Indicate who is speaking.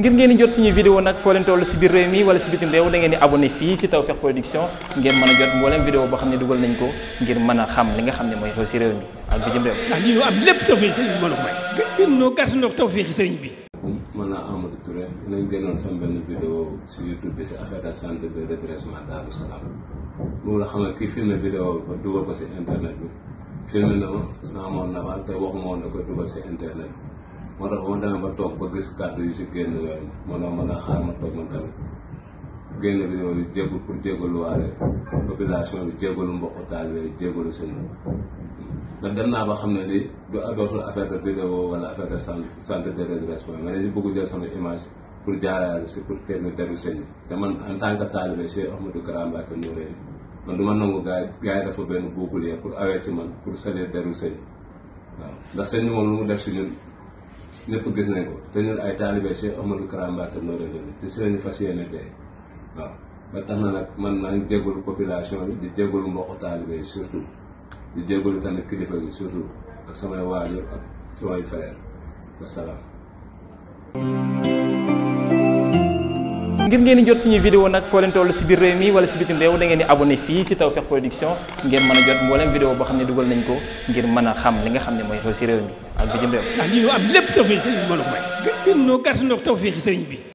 Speaker 1: ngir ngeen di jot suñu vidéo nag foo leen toll si biir réew mi wala si bitim réew da di abonné fii si Tawfekh Production ngeen mën a jot mboolem vidéo boo xam ne dugal nañ ko ngir mën a xam li nga xam ne mooy xew si réew mi ak bitim réew. ndax lii ñu sëriñ bi mën a may. gën noo gàtt nañ génnoon sama benn vidéo si
Speaker 2: YouTube bi si affaire de centre de redressement Darou Salam moom la xam ne kii filmé vidéo ba dugal ko si internet bi filmé na ma sama moom na te waxuma woon da koy dugal si internet moo tax ba mu toog ba gis kàddu yu si génn yooyu moo ma ne xaaral ma toog man tamit dem naa ba xam ne lii du dootul affaire de vidéo wala affaire de santé ma ne si bëgg jël sama image pour jaaraale si pour kenn deru sëñ te man en tant que taalibe Cheikh Ahmadou Kara Mbacké Noreyni man du ma nangu gaa gaa dafa benn bouclier pour awee ci man pour salir deru sëñ waaw ndax sëñ moom lu mu def si ñun lépp gis nañ ko te ñun ay taalibe Cheikh Amadou Kara Mbacké Noreyni te si fas yéene dee waaw ba tax na nag man maa ngi jégalu population bi di jégalu mbokku taalibe yi surtout di jégalu tamit kilifa yi surtout ak samay waajur ak samay frère wasalaam.
Speaker 1: ngir ngeen di jot suñu vidéo nag foo leen toll si biir réew mi wala si bitim réew da ngeen di abonné fii si Tawfekh Production ngeen mën a jot mboolem vidéo boo xam ne dugal nañ ko ngir mën a xam li nga xam ne mooy xew si ak bi jëm réew. ndax lii ñu am lépp tawfeex ci sëriñ bi moo la ko noo gàtt noo tawfeex ci sëriñ bi.